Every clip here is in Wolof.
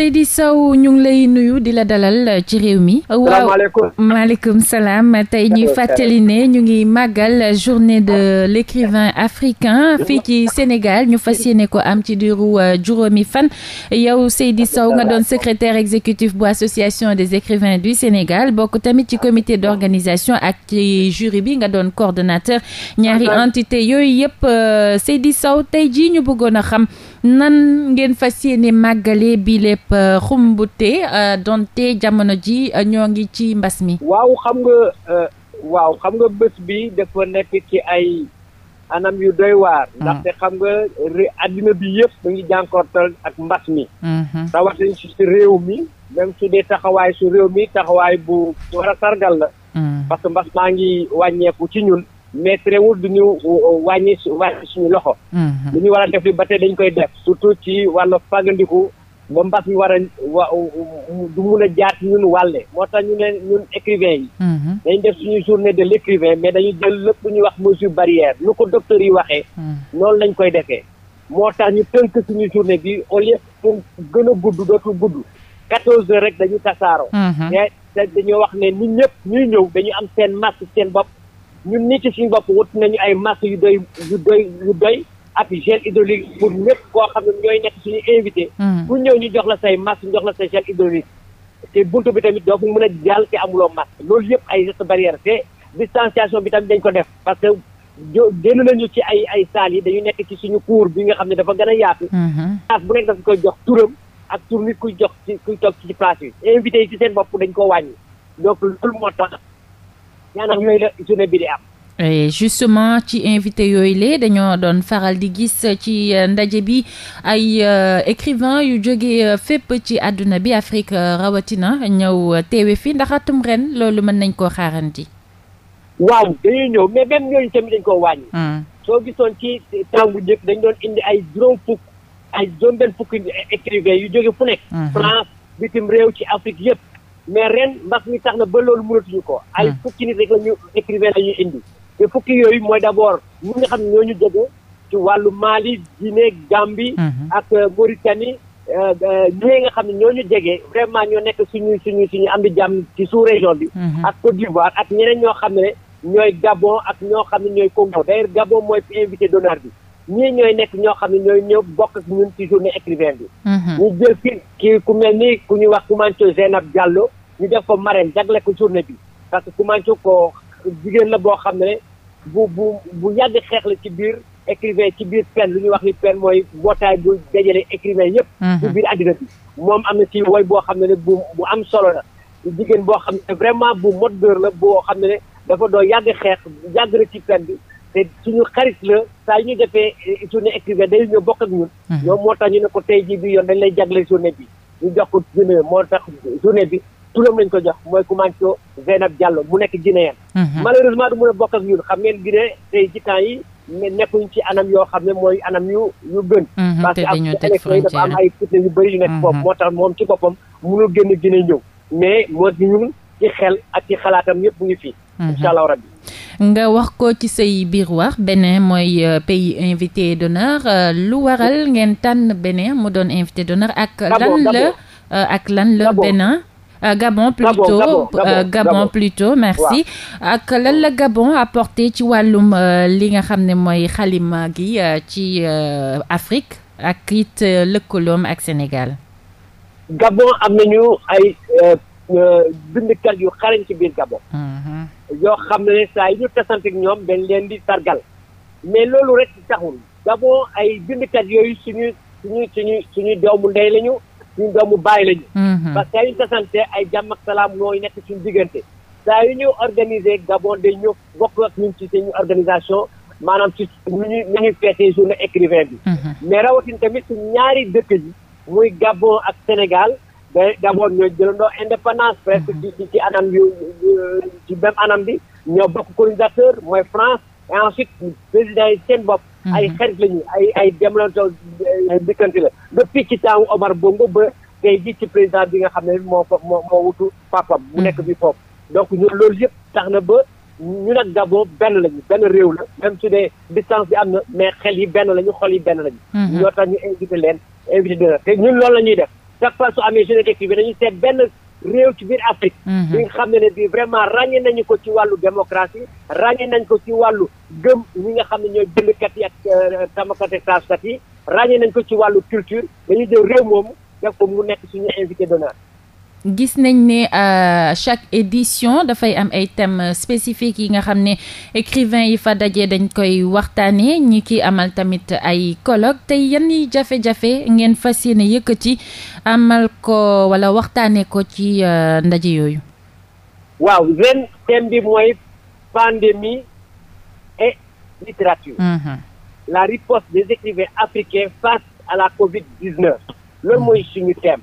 Seydi Sow ñu ngi lay nuyu di la dalal ci réew mi. maaleykum salaam tey ñuy fàttali ne ñu ngi màggal journée de l'écrivain africain fii ci Sénégal ñu fas yéene ko am ci diiru euh, juróomi fan yow Seydi Sow nga doon secrétaire exécutif bu association des écrivains du Sénégal bokk tamit ci comité d'organisation ak ci jury bi nga doon coordonnateur ñaari entité yooyu yëpp euh, Seydi Sow tey jii ñu bëggoon a xam. nan ngeen fas yéene màggale bii lépp euh, xumbute euh, te jamono ji euh, ñoo ngi ci mbas mi. waaw xam nga waaw xam nga bés bi dafa nekk ci ay anam yu doy waar. Mm. ndaxte xam nga addina bi yëpp mu ngi jànkoortal ak mbas mi. Mm-hmm. rawatina ci réew mi même su dee taxawaay su réew mi taxawaay bu war a sargal la. Mm. parce que mbas maa ngi wàññeeku ci ñun. mais terewul du ñu wàññi wàññi suñu loxo. Mhm. lu ñu war a def li ba tey dañ koy def surtout ci wàllu fagandiku ba mbas mi war a wa du mun a jaar ci ñun wàlle moo tax ñu ne ñun écrivain yi. Mhm. dañ def suñu journée de l' écrivain mais dañu jël lépp lu ñuy wax mesure barrière lu ko docteur yi waxee. Mhm. noonu lañ koy defee. moo tax ñu tënk suñu journée bi au lieu pour gën a gudd dootul gudd. quatorze heures rek dañu tasaaroo. te dañoo wax ne nit ñëpp ñuy ñëw dañu am seen masque seen bopp. ñun nit ci suñu bopp wut nañu ay masques yu doy yu doy yu doy ak gel hydraulique pour ñëpp koo xam ne ñooy nekk suñu invité. bu hmm. ñëw ñu jox la say masque jox la say gel hydraulique. te buntu bi tamit doo ko mën a jàll te amuloo masque loolu yëpp ay gestes barrières te distanciation bi tamit dañ ko def parce que jo génn nañu ci ay ay saal yi dañu nekk ci suñu cour bi nga xam ne dafa gën a yaatu. Hmm. place bu nekk dafa koy jox turam ak tur nit kuy jox ci kuy toog ci place bi. invité yi bopp dañ ko wàññi donc loolu moo tax. maanaam yooyu la journée bi di am. justement ci invité yooyu lee dañoo doon faral di gis ci euh, ndaje bi ay euh, écrivain yu jóge euh, fépp ci àdduna bi Afrique rawatina ñëw teewe fi ndax atum ren loolu mën nañ koo xaaranti waaw dañuy ñëw mais même ñooñu tamit dañ koo wàññi hmm. soo gisoon ci temps dañ doon indi ay juróom fukk ay juróom fukk écrivain yu jóge fu nekk hmm. France bitim réew ci Afrique yëpp mais ren mbas mi tax na ba loolu mënatuñu ko. ay hmm. fukki nit rek la ñu écrivain la ñuy indi. te fukki yooyu mooy d' abord ñi nga xam ne ñoo ñu jege ci wàllu Mali Guinée Gambie. Hmm. ak euh, Mauritanie. Euh, euh, ñi nga xam ne ñoo ñu jege vraiment ñoo nekk suñu suñu suñu am di jàmm ci sous région bi. Hmm. ak Côte d'Ivoire ak ñeneen ñoo xam ne ñooy Gabon ak ñoo xam ne ñooy Congo d'ailleurs Gabon mooy invité d'honneur bi. ñii ñooy nekk ñoo xam ne ñooy ñëw bokk ak ñun ci journée écrivain bi. Mhm. ñu jël ki kii ku mel ni ku ñuy wax Koumanthio Zeynab Diallo ñu def ko marraine jagle ko journée bi parce que Koumanthio ko jigéen la boo xam ne bu bu bu yàgg xeex la ci biir écrivain ci biir pen lu ñuy wax ni pen mooy mbootaay bu dajale écrivain yëpp. Mhm. ci biir àddina bi moom am na ci woy boo xam ne bu bu am solo la jigéen boo xam ne vraiment bu moteur la boo xam ne dafa doo yàgg xeex yàgg ci pen bi. te suñu xarit la saa ñu defee eh, journée écrivain day ñëw bokk ak ñun. Mhm. ñoom moo tax ñu ne ko tey jii bi yoon dañ lay jagle journée bi ñu jox ko Guinée moo tax journée bi turam lañ ko jox mooy Koumanthio Zeynab Diallo mu nekk Guinéen. Mhm. malheureusement du mun a bokk ak ñun xam ngeen Guinée tey ci temps yi nekkuñ ci anam yoo xam ne mooy anam yu yu gën. Mhm, parce que am élection yi am ay fitna yu bëri yu nekk foofu moo tax moom ci boppam munul génn Guinée ñëw mais moo ñun ci xel ak ci xalaatam yëpp mu ngi fii. incha allah rabbi nga wax ko ci say biir wax Bénin mooy euh, pays invité d'honneur euh, lu waral ngeen tànn Bénin mu doon invité d'honneur ak lan la euh, ak lan la Bénin Gabon plutôt Gabon, Gabon, merci ak lan la Gabon apporté ci wàllum li nga xam ne mooy xalima gi ci Afrique ak it lëkkaloom ak Sénégal bindkat yu xarañ ci biir Gabon. Mm-hmm. yoo xam ne saa yu ñu tasanteeg ñoom dañ leen di sargal. mais loolu rek taxul. Gabon ay bindkat yooyu suñu suñu suñu suñu doomu ndey lañu suñu doomu baay lañu. Mm-hmm. parce que saa yu ñu tasante ay jàmm ak salaam mooy nekk suñu diggante. saa yu ñu organiser Gabon de ñëw bokk ak ñu ci suñu organisation. maanaam ci ñu ñuy nu ñuy feetee journée écrivain bi. Mm-hmm. mais rawatin tamit ñaari dëkk yi muy Gabon ak Sénégal. mais d' abord ñoo jëlandoo indépendance presque ci ci anam yu ci même anam bi ñoo bokk colonisateur mooy France et ensuite président yi seen bopp. Mhm. ay xarit lañu ay ay demlantoo dikkante la depuis ci taawu Omar Bongo ba tey jii ci président bi nga xam ne moo ko moo moo wutu papam bu mhm. nekk bi foofu donc ñun loolu yëpp tax na ba ñu nag Gabon benn lañu benn réew la même su dee distance bi am na mais xel yi benn lañu xol yi benn lañu. Mhm. ñoo tax ñu invité leen te ñun loolu la ñuy def. chaque fois su amee génétique bi dañuy seet benn réew ci biir Afrique. Mhm. bi nga xam ne ne bii vraiment ràññee nañu ko ci wàllu démocratie ràññee nañ ko ci wàllu gëm ñi nga xam ne ñooy jëndkat yi ak euh, tamakat ak taaskat yi ràññee nañ ko ci wàllu culture dañu jël réew moomu def ko mu nekk suñu invité d'honneur. gis nañ ne euh, chaque édition dafay am ay thèmes spécifique yi nga xam ne écrivain yi fa daje dañ koy waxtaanee ñi ki amal tamit ay colloque te yan yi jafe-jafe ngeen fas yéene yëkkati amal ko wala waxtaanee ko ci euh, ndaje yooyu. waaw ren bi mooy pandémie et littérature. Mm-hmm. la riposte des écrivains africains face à la Covid 19. loolu mooy suñu thème.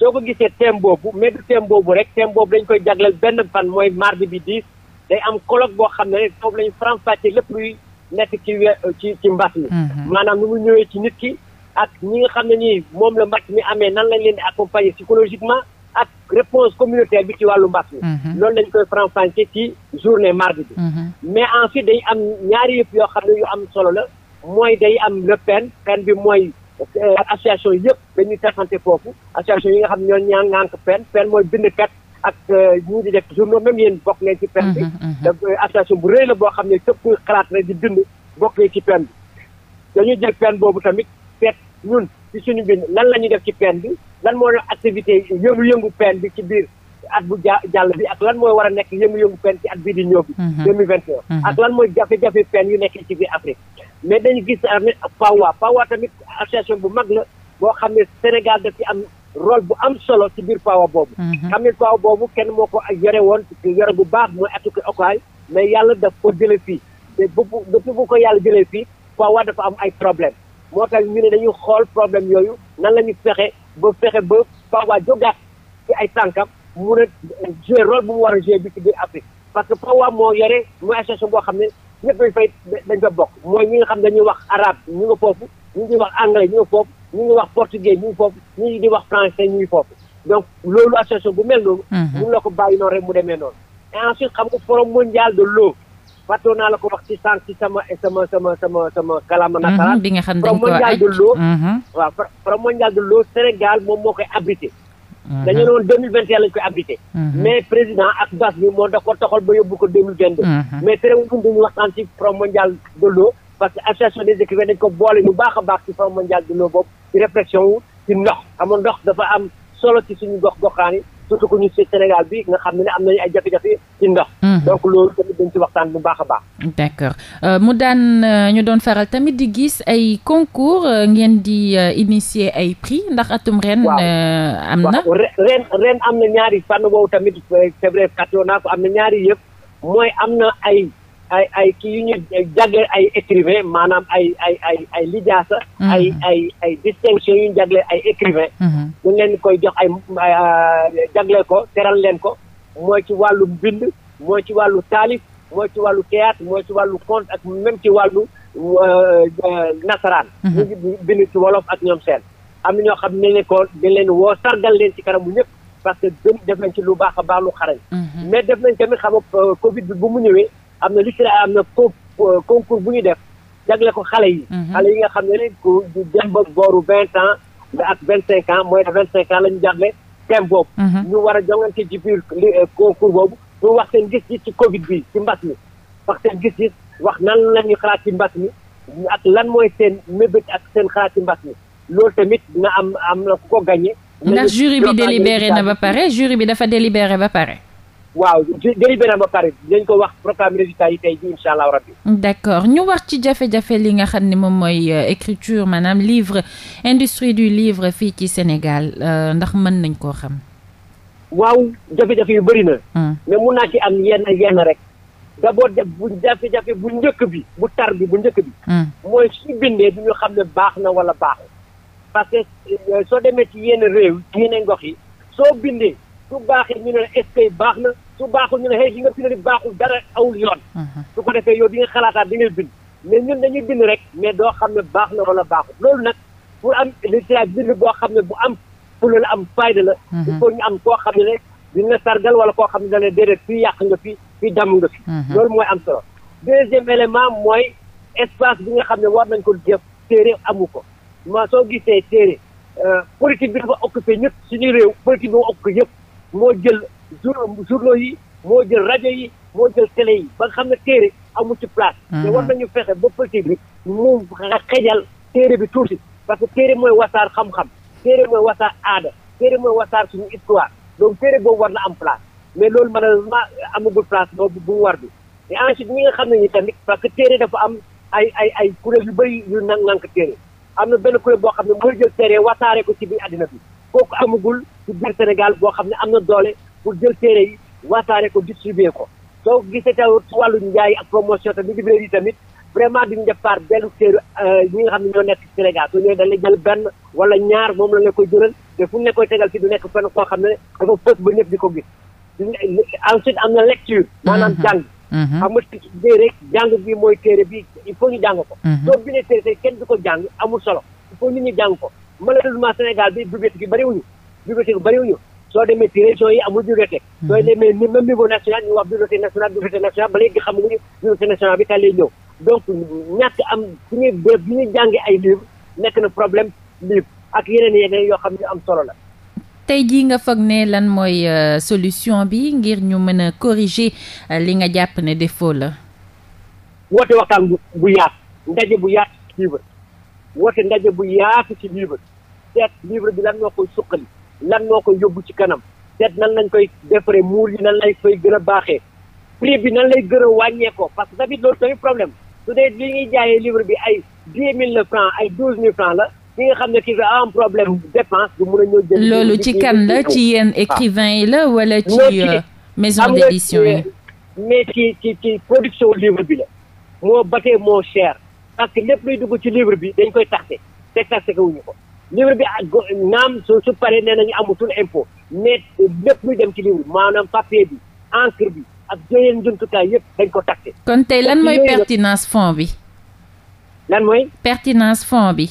soo ko gisee thème boobu mais du thème boobu rek thème boobu dañ koy jagleel benn fan mooy mardi bi dix day am colloque boo xam ne foofu lañu faram-fàcce lépp luy nekk ci ci ci mbas mi mhm. maanaam nu mu ñëwee ci nit ki ak ñi nga xam ne nii moom la mbas mi amee nan lañ leen di accompagner psychologiquement ak réponse communautaire bi ci wàllu mbas mi mhm. loolu lañ koy faram-fàcce ci journée mardi bi mhm. mais ensuite day am ñaari yëpp yoo xam ne yu am solo la mooy day am le pen bi mooy parce que association yëpp dañuy taxante foofu association yi nga xam ñoo ñaan naan ko pen pen mooy bindkat ak euh, ñu di def journaux même yéen bokk ngeen ci pen bi da mm-hmm, mm-hmm. bu rëy la boo xam ne képp kuy xalaat rek di bind bokk ngeen ci dañuy jël pen boobu tamit seet ñun ci suñu bind lan la ñuy def ci pen bi lan moo doon activité yëngu-yëngu pen bi ci biir at bu ja jàll bi ak lan mooy war a nekk yëngu-yëngu pen ci at bii di ñëw bi mm-hmm. deux ak lan mooy jafe-jafe pen yu nekk ci biir Afrique mais dañu gis ne PAWA PAWA tamit association bu mag la boo xam ne Sénégal daf ci am rôle bu am solo ci biir PAWA boobu. Mhm. xam ne PAWA boobu kenn moo ko yore woon yore bu baax mooy atuki okaay mais yàlla daf ko jëlee fii te bu bu bu ko yàlla jëlee fii PAWA dafa am ay problème moo tax ñu ne dañuy xool problème yooyu nan la ñu fexe ba fexe ba PAWA jógaat ci ay tànkam mun a jouer rôle bu mu war a jouer bi ci biir Afrique parce que moo yore mooy association boo xam ne. ñëpp dañ fay bokk mooy ñi nga xam dañuy wax arabe ñu nga foofu ñu ngi wax anglais ñu nga foofu ñu ngi wax portugais ñu ngi foofu ñu ngi wax français ñu ngi foofu donc loolu association bu mel noonu. Mhm. mun la ko bàyyi noonu rek mu demee noonu. ensuite xam nga forum mondial de l'eau fàttoo naa la ko wax ci sànq ci sama sama sama sama sama kàllaama mhm, nasaraan. bi nga xam dañ ko forum mondial de l'eau. Mhm. waaw forum mondial de l'eau Sénégal moom moo koy abrité. Mhm. dañu ne woon deux mille vingt et un koy appliqué. Mhm. mais président ak bas bi moo da ko toxal ba yóbbu ko deux mille vingt deux. Mhm. mais terewul dañuy waxtaan ci programme mondial de parce que association des écrivains dañ ko boole bu baax a baax ci programme mondial de boobu ci wu ci ndox amoon ndox dafa am solo ci suñu gox goxaan surtout que ñu si Sénégal bi nga xam ne am nañu ay jafe-jafe ci ndox. Mhm. donc loolu tamit dañ ci waxtaan bu baax a baax. d' accord euh, mu daan euh, ñu doon faral tamit di gis ay concours euh, ngeen di initier ay prix ndax atum ren. am na ren ren am na ñaari fànn boobu tamit c' est naa ko am na ñaari yëpp mooy am na ay. ay ay kii yu ñu jagle ay écrivain maanaam ay ay ay ay lijaasa mm-hmm. ay ay ay distinction yu ñu jagleel ay écrivain ñu mm-hmm. leen koy jox ay jagleel ko teral leen ko mooy ci wàllu bind mooy ci wàllu taalif mooy ci wàllu théâtre mooy ci wàllu conte ak même ci wàllu euh, euh, nasaraan mm-hmm. ñu bind ci wolof ak ñoom seen am na ñoo xam ne ne ko dañ leen woo sargal leen ci kanamu ñëpp parce que gën def nañ ci lu baax a baax lu xarañ mais def nañ tamit xam nga euh, covid bi bu mu ñëwee am na lu ci littéra am na euh, concours bu ñu def jagle ko xale yi. Mhm. xale yi nga xam ne ni ku dem ba booru vingt ans ba ak vingt cinq ans mooy de vingt cinq ans la ñu jagle thème boobu. Mhm. ñu war a jongante ci biir euh, concours boobu ñu wax seen gis-gis ci Covid bi ci mbas mi wax seen gis-gis wax nan la ñuy xalaat ci mbas mi ak lan mooy seen mébét ak seen xalaat ci mbas mi loolu tamit dina am am na ku ko gagné. ndax jury bi délibéré na ba pare jury bi dafa délibéré ba pare. waaw délibéré ba pare dañ ko wax programme résultat yi tey jii incha allah rabbi. d' accord ñu wax ci jafe-jafe li nga xam ni moom mooy euh, écriture maanaam livre industrie du livre fii ci Sénégal euh, ndax mën nañ koo xam. waaw jafe-jafe yu bëri na. Hmm. mais mun naa ci am yenn yenn rek. d' abord bu jafe-jafe bu njëkk bi bu tar bi bu njëkk bi. Hmm. mooy su bindee du xam ne baax na wala baaxu parce que euh, soo demee ci yenn réew yeneen gox yi soo bindee. su baaxee ñu ne la baax na su baaxul ñu ne hey li nga bind baaxul dara awul yoon. Mhm. su ko defee yow di nga xalaataat di ngay bind. mais ñun dañuy bind rek mais doo xam ne baax na wala baaxul loolu nag pour am littérature bind boo xam ne bu am pour la am fayda la. Mhm. il faut ñu am koo xam ne dina sargal wala koo xam ne dana déedéet fii yàq nga fi fii damm nga fi. Mhm. loolu mooy am solo deuxième élément mooy espace bi nga xam ne war nañ ko def téere amu ko ma soo gisee téere euh, politique bi dafa occupé ñëpp suñu réew politique bi mu occupé yëpp. moo jël journaux yi moo jël rajo yi moo jël télé yi ba nga xam ne téere amul ci place. Mhm. te war nañu fexe ba politique bi mu xejal téere bi tuuti parce que téere mooy wasaar xam-xam téere mooy wasaar aada téere mooy wasaar suñu histoire donc téere boobu war na am place mais loolu malheureusement amagul place boobu bu war bi te ensuite ñi nga xam ne ni tamit parce que téere dafa am ay ay ay kuréel yu bëri yu nang nank téere am na benn kuréel boo xam ne mooy jël téere wasaare ko ci biir àddina bi kooku amagul ci biir Sénégal boo xam ne am na doole pour jël téere yi wasaare ko distribuer ko soo gisee taw ci wàllu njaay ak promotion tamit librairie yi tamit vraiment duñu def part benn téere ñi euh, nga xam ne ñoo nekk Sénégal su ñëwee dañ lay jël benn wala ñaar moom la la koy jëlal te fu mu ne koy tegal fii du nekk fenn koo xam ne dafa fës ba ñëpp di ko gis ensuite am na lecture mm-hmm. maanaam jàng mm-hmm. xam nga dée rek jàng bi mooy téere bi il faut ñu jàng ko mm-hmm. soo bindee téere tey kenn du ko jàng amul solo il faut nit ñi jàng ko malheureusement Sénégal bi bibliothèque yi bëriwuñu bibliothèque yi bëriwuñu soo demee ci régions yi amul bibliothèque mhm. soo demee ni même niveau national ñu wax bibliothèque nationale bibliothèque nationale ba léegi xam nga bibliothèque bi kañ lay ñëw donc ñàkk am su ñuy béb jànge ay livre nekk na problème livre ak yeneen yeneen yoo xam ne am solo la tey jii nga foog ne lan mooy euh, solution bi ngir ñu mën a corriger euh, li nga jàpp ne défaut la woote waxtaan bu yaat ndaje bu yaat livre woote ndaje bu yaatu ci livre seet livre bi lan moo koy suqali lan moo koy yóbbu ci kanam seet nan lañ koy defaree muur yi nan lay koy gën a baaxee prix bi nan lay gën a wàññeekoo parce que tamit loolu tamit problème su dee li ñuy jaayee livre bi ay dix mille francs ay douze mille francs la ki nga xam ne kii a am problème dépense du mun a ñëw jël loolu ci kan la ci yéen écrivain yi la wala ci euh, maison d'édition mais ci ci ci production libre bi la moo batee moo cher parce que lépp luy dugg ci livre bi dañ koy taxé te taxé ko wuñu ko livre bi ak naam su su paree nee nañu amatul impôt mais lépp luy dem ci livre bi maanaam papier bi encre bi ak yeneen jumtukaay yëpp dañ ko taxé. kon tey lan mooy pertinence fond bi. mooy. pertinence fond bi.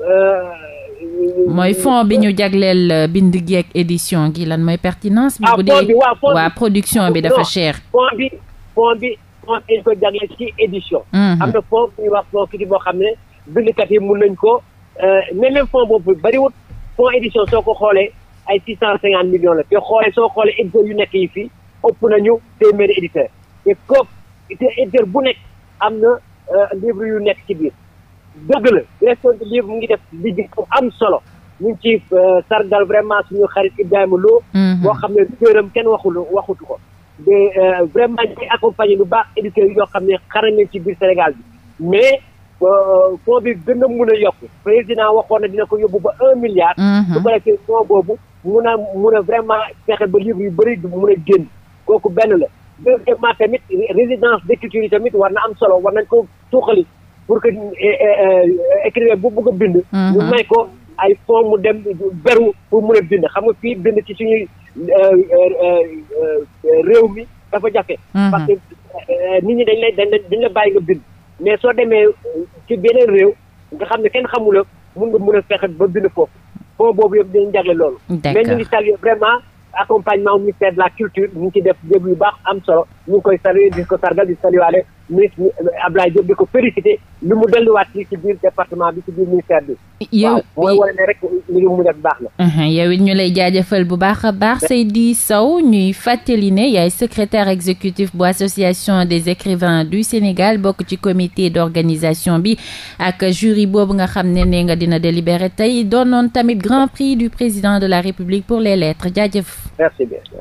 Euh, mooy fond bi ñu jagleel euh, bind gi édition gi lan mooy pertinence. bi ah, bu dee waaw production bi dafa cher. fond bi fond bi France dañ koy jàngale ci édition. Mhm. am na fond bu ñuy wax fond kii boo xam ne bindkat yi mun nañ ko euh, mais même fond boobu bariwut fond édition soo ko xoolee ay six cent cinquante millions la te xoolee soo xoolee éditeur yu nekk yi fi ëpp nañu téeméeri éditeur te kooku te éditeur bu nekk am na euh, livre yu nekk ci biir dëgg la Restons Livres mu ngi def liggéey bu am solo ñu ngi ci euh, sargal vraiment suñu xarit Ibrahima Lo mhm. boo xam ne téeram kenn waxul waxutu ko des euh, vraiment di accompagner bu baax éducateurs yoo xam ne xarañ nañ ci biir Sénégal bi mais euh, fonds bi gën a mun a yokk président waxoon na dina ko yóbbu ba un milliard. Mhm. su ko defee fonds boobu mun a mun a vraiment fexe ba livre yu bëri du mun a génn kooku benn la. deuxièmement tamit résidence d'écriture yi tamit war na am solo war nañ koo suuxali pour que eh, eh, eh, écrivain bu bëgg a bind. Mhm. ñu may ko ay fonds mu dem beru pour mun a bind xam nga fii bind ci suñuy. réew mi dafa jafe. Mhm. parce que euh, nit ñi dañ lay dañ la duñ bàyyi nga bind. mais soo demee euh, ci beneen réew nga xam ne kenn xamula mun nga mun a fexe ba bind foofu foo boobu yëpp dañu jagle loolu. mais ñu ngi saluer vraiment accompagnement au ministère la culture ñu ngi ci def jéego yu baax am solo ñu koy saluer di ko sargal di saluwaale ministre mu delluwaat ci yow uh-huh, yow it ñu lay jaajëfal bu baax a baax di Sow ñuy fàttali ne yaay secrétaire exécutif bu association des écrivains du Sénégal bokk ci comité d'organisation bi ak jury boobu nga xam ne ne nga dina délibéré tey doonoon tamit grand prix du président de la République pour les lettres jaajëf.